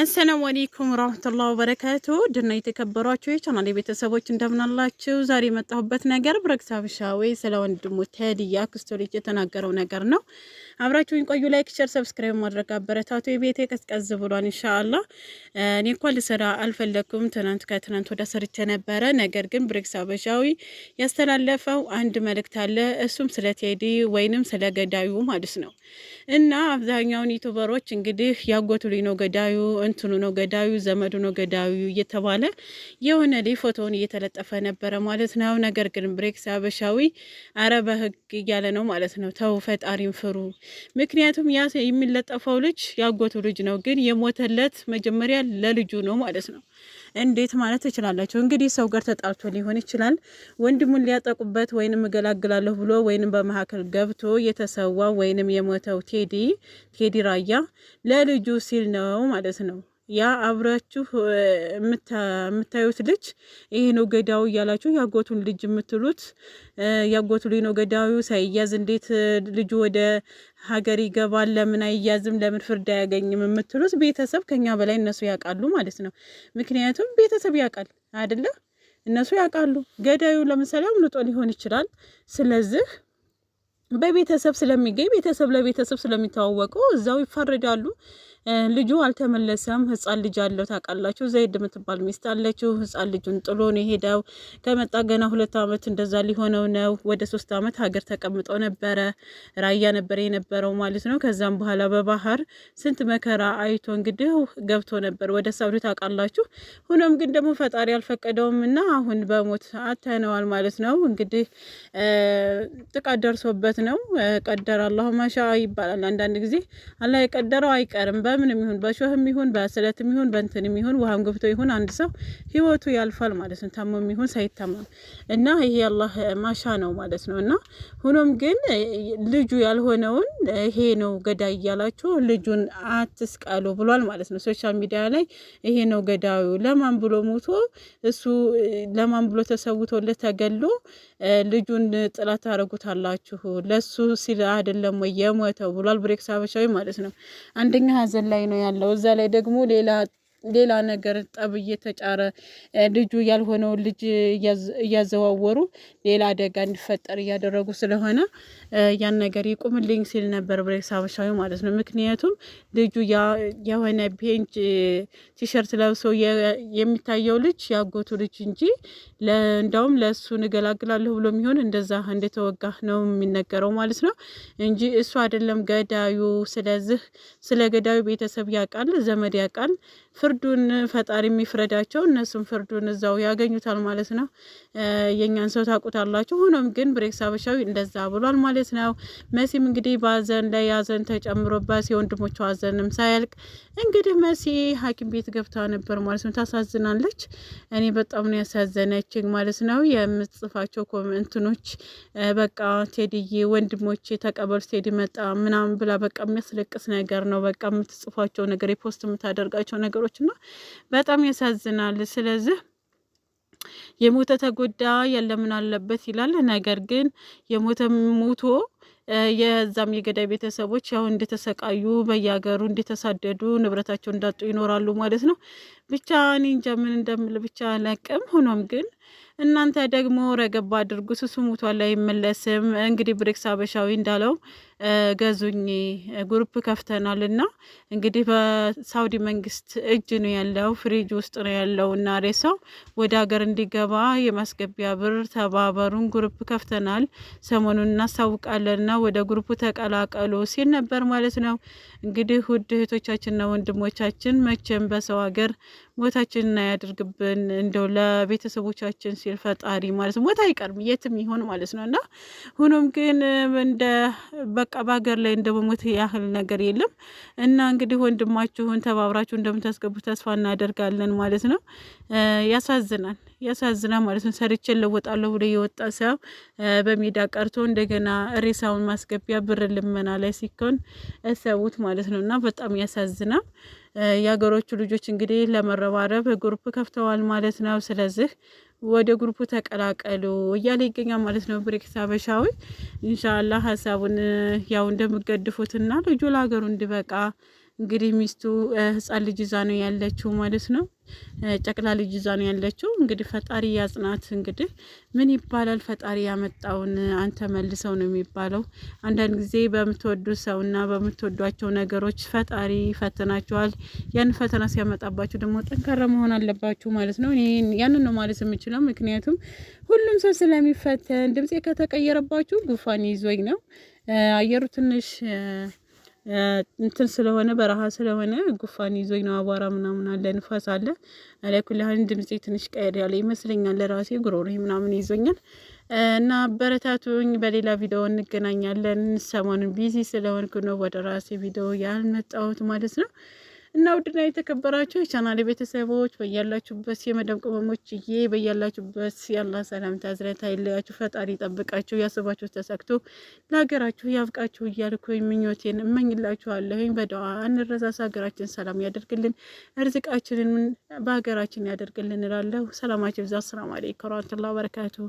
አሰላሙ አሌይኩም ረህመቱላህ ወበረካቱ ድና የተከበሯችሁ የቻናል ቤተሰቦች እንደምናላችሁ። ዛሬ የመጣሁበት ነገር ብረግሳብሻ ወይ ስለ ወንድሙ ቴዲ አክስቱ ልጅ የተናገረው ነገር ነው። አብራችሁኝ ቆዩ። ላይክ፣ ሸር፣ ሰብስክራይብ ማድረግ አበረታቱ። የቤቴ ቀዝቀዝ ብሏል። ኢንሻአላ እኔ እንኳን ልሰራ አልፈለግኩም። ትናንት ከትናንት ወደ ሰርቼ ነበረ። ነገር ግን ብሬክስ አበሻዊ ያስተላለፈው አንድ መልእክት አለ። እሱም ስለ ቴዲ ወይንም ስለ ገዳዩ ማለት ነው እና አብዛኛውን ዩቱበሮች እንግዲህ ያጎቱ ነው ገዳዩ፣ እንትኑ ነው ገዳዩ፣ ዘመዱ ነው ገዳዩ እየተባለ የሆነ ላይ ፎቶውን እየተለጠፈ ነበረ ማለት ነው። ነገር ግን ብሬክስ አበሻዊ አረ በህግ እያለ ነው ማለት ነው። ተው ፈጣሪን ፍሩ። ምክንያቱም ያ የሚለጠፈው ልጅ ያጎቱ ልጅ ነው፣ ግን የሞተለት መጀመሪያ ለልጁ ነው ማለት ነው። እንዴት ማለት ትችላላችሁ? እንግዲህ ሰው ጋር ተጣልቶ ሊሆን ይችላል። ወንድሙን ሊያጠቁበት ወይንም እገላግላለሁ ብሎ ወይንም በመካከል ገብቶ የተሰዋ ወይንም የሞተው ቴዲ ቴዲ ራያ ለልጁ ሲል ነው ማለት ነው። ያ አብራችሁ የምታዩት ልጅ ይሄ ነው ገዳዩ እያላችሁ ያጎቱን ልጅ የምትሉት ያጎቱ ልጅ ነው ገዳዩ። ሳይያዝ እንዴት ልጁ ወደ ሀገር ይገባል? ለምን አይያዝም? ለምን ፍርድ አያገኝም? የምትሉት ቤተሰብ ከኛ በላይ እነሱ ያውቃሉ ማለት ነው። ምክንያቱም ቤተሰብ ያውቃል አይደለ? እነሱ ያውቃሉ። ገዳዩ ለምሳሌ አምልጦ ሊሆን ይችላል። ስለዚህ በቤተሰብ ስለሚገኝ ቤተሰብ ለቤተሰብ ስለሚተዋወቁ እዛው ይፋረዳሉ። ልጁ አልተመለሰም። ህጻን ልጅ አለው ታውቃላችሁ። ዘይድ የምትባል ሚስት አለችው። ህጻን ልጁን ጥሎ ነው የሄደው። ከመጣ ገና ሁለት አመት እንደዛ ሊሆነው ነው። ወደ ሶስት አመት ሀገር ተቀምጦ ነበረ። ራያ ነበር የነበረው ማለት ነው። ከዛም በኋላ በባህር ስንት መከራ አይቶ እንግዲህ ገብቶ ነበር ወደ ሳውዲ ታውቃላችሁ። ሆኖም ግን ደግሞ ፈጣሪ አልፈቀደውም እና አሁን በሞት አተነዋል ማለት ነው። እንግዲህ ጥቃት ደርሶበት ነው። ቀደር አላሁ ማሻ ይባላል አንዳንድ ጊዜ አላ የቀደረው አይቀርም። በምንም ይሁን በሾህም ይሁን በስለትም ይሁን በእንትንም ይሁን ውሃም ገብቶ ይሁን አንድ ሰው ህይወቱ ያልፋል ማለት ነው። ታሞም ይሁን ሳይታመም እና ይሄ አላህ ማሻ ነው ማለት ነው። እና ሆኖም ግን ልጁ ያልሆነውን ይሄ ነው ገዳይ እያላችሁ ልጁን አትስቃሉ ብሏል ማለት ነው። ሶሻል ሚዲያ ላይ ይሄ ነው ገዳዩ ለማን ብሎ ሞቶ እሱ ለማን ብሎ ተሰውቶለት ተገሎ ልጁን ጥላት ታደርጉታላችሁ ለሱ ሲል አይደለም ወይ የሞተው ብሏል። ብሬክስ ሀበሻዊ ማለት ነው። አንደኛ ሀዘን ላይ ነው ያለው። እዛ ላይ ደግሞ ሌላ ሌላ ነገር ጠብ እየተጫረ ልጁ ያልሆነውን ልጅ እያዘዋወሩ ሌላ አደጋ እንዲፈጠር እያደረጉ ስለሆነ ያን ነገር ይቁምልኝ ሲል ነበር ብሬክስ ሀበሻዊ ማለት ነው። ምክንያቱም ልጁ የሆነ ፔንች ቲሸርት ለብሶ የሚታየው ልጅ ያጎቱ ልጅ እንጂ እንዳውም ለእሱ እንገላግላለሁ ብሎ የሚሆን እንደዛ እንደተወጋ ነው የሚነገረው ማለት ነው እንጂ እሱ አይደለም ገዳዩ። ስለዚህ ስለ ገዳዩ ቤተሰብ ያውቃል፣ ዘመድ ያውቃል። ፍርዱን ፈጣሪ የሚፍረዳቸው እነሱም ፍርዱን እዛው ያገኙታል ማለት ነው። የእኛን ሰው ታውቁታላችሁ። ሆኖም ግን ብሬክስ አበሻዊ እንደዛ ብሏል ማለት ነው። መሲም እንግዲህ በአዘን ላይ ሀዘን ተጨምሮበት የወንድሞቹ ሀዘንም ሳያልቅ እንግዲህ መሲ ሐኪም ቤት ገብታ ነበር ማለት ነው። ታሳዝናለች። እኔ በጣም ነው ያሳዘነችኝ ማለት ነው። የምጽፋቸው ኮመንትኖች በቃ ቴዲዬ ወንድሞች ተቀበሉ፣ ቴዲ መጣ ምናምን ብላ በቃ የሚያስለቅስ ነገር ነው። በቃ የምትጽፏቸው ነገር የፖስት የምታደርጋቸው ነገሮች እና በጣም ያሳዝናል። ስለዚህ የሞተ ተጎዳ ያለምን አለበት ይላል። ነገር ግን የሞተ ሞቶ የዛም የገዳይ ቤተሰቦች ያው እንደተሰቃዩ በየሀገሩ እንደተሳደዱ ንብረታቸው እንዳጡ ይኖራሉ ማለት ነው። ብቻ እኔ እንጃ ምን እንደምል ብቻ አላቅም። ሆኖም ግን እናንተ ደግሞ ረገባ አድርጉ። ስሱ ሙቷል አይመለስም። እንግዲህ ብሬክስ አበሻዊ እንዳለው ገዙኝ ግሩፕ ከፍተናል እና እንግዲህ በሳውዲ መንግስት እጅ ነው ያለው፣ ፍሪጅ ውስጥ ነው ያለው እና ሬሳው ወደ ሀገር እንዲገባ የማስገቢያ ብር ተባበሩን፣ ግሩፕ ከፍተናል፣ ሰሞኑን እናስታውቃለን እና ወደ ግሩፑ ተቀላቀሉ ሲል ነበር ማለት ነው። እንግዲህ ውድ እህቶቻችንና ወንድሞቻችን መቼም በሰው ሀገር ሞታችንን አያድርግብን እንደው ለቤተሰቦቻችን ሲል ፈጣሪ ማለት ነው። ሞት አይቀርም የትም ይሆን ማለት ነው። እና ሆኖም ግን እንደ በቃ በሀገር ላይ እንደ መሞት ያህል ነገር የለም እና እንግዲህ ወንድማችሁን ተባብራችሁ እንደምታስገቡ ተስፋ እናደርጋለን ማለት ነው። ያሳዝናል፣ ያሳዝናል ማለት ነው። ሰርቼ እለወጣለሁ ብሎ የወጣ ሰው በሜዳ ቀርቶ እንደገና ሬሳውን ማስገቢያ ብር ልመና ላይ ሲኮን እሰቡት ማለት ነው እና በጣም ያሳዝናል። የሀገሮቹ ልጆች እንግዲህ ለመረባረብ ግሩፕ ከፍተዋል ማለት ነው። ስለዚህ ወደ ግሩፑ ተቀላቀሉ እያለ ይገኛል ማለት ነው። ብሬክስ አበሻዊ እንሻላ ሀሳቡን ያው እንደምገድፉትና ልጁ ለሀገሩ እንዲበቃ እንግዲህ ሚስቱ ህፃን ልጅ ይዛ ነው ያለችው ማለት ነው። ጨቅላ ልጅ ይዛ ነው ያለችው። እንግዲህ ፈጣሪ ያጽናት። እንግዲህ ምን ይባላል ፈጣሪ ያመጣውን አንተ መልሰው ነው የሚባለው። አንዳንድ ጊዜ በምትወዱ ሰውና በምትወዷቸው ነገሮች ፈጣሪ ይፈትናቸዋል። ያን ፈተና ሲያመጣባችሁ ደግሞ ጠንካራ መሆን አለባችሁ ማለት ነው። ያንን ነው ማለት የምችለው። ምክንያቱም ሁሉም ሰው ስለሚፈተን ድምፄ ከተቀየረባችሁ ጉፋን ይዞኝ ነው አየሩ ትንሽ እንትን ስለሆነ በረሃ ስለሆነ ጉፋን ይዞኝ ነው። አቧራ ምናምን አለ፣ ንፋስ አለ። አላይኩላህን ድምፄ ትንሽ ቀየር ያለ ይመስለኛል። ለራሴ ጉሮሮ ምናምን ይዞኛል እና አበረታቱኝ። በሌላ ቪዲዮ እንገናኛለን። ሰሞኑን ቢዚ ስለሆንኩ ነው ወደ ራሴ ቪዲዮ ያልመጣሁት ማለት ነው። እና ውድና የተከበራችሁ የቻናሌ ቤተሰቦች በያላችሁበት የመደብ ቅመሞች ዬ በያላችሁበት ያላ ሰላም እዝነት አይለያችሁ፣ ፈጣሪ ጠብቃችሁ ያሰባችሁ ተሳክቶ ለሀገራችሁ ያብቃችሁ እያልኩኝ ምኞቴን እመኝላችኋለሁኝ። በደዋ አንረሳስ፣ ሀገራችን ሰላም ያደርግልን፣ እርዝቃችንን በሀገራችን ያደርግልን እላለሁ። ሰላማችሁ ብዛ። አሰላሙ አለይኩም ወረህመቱላሂ ወበረካቱሁ።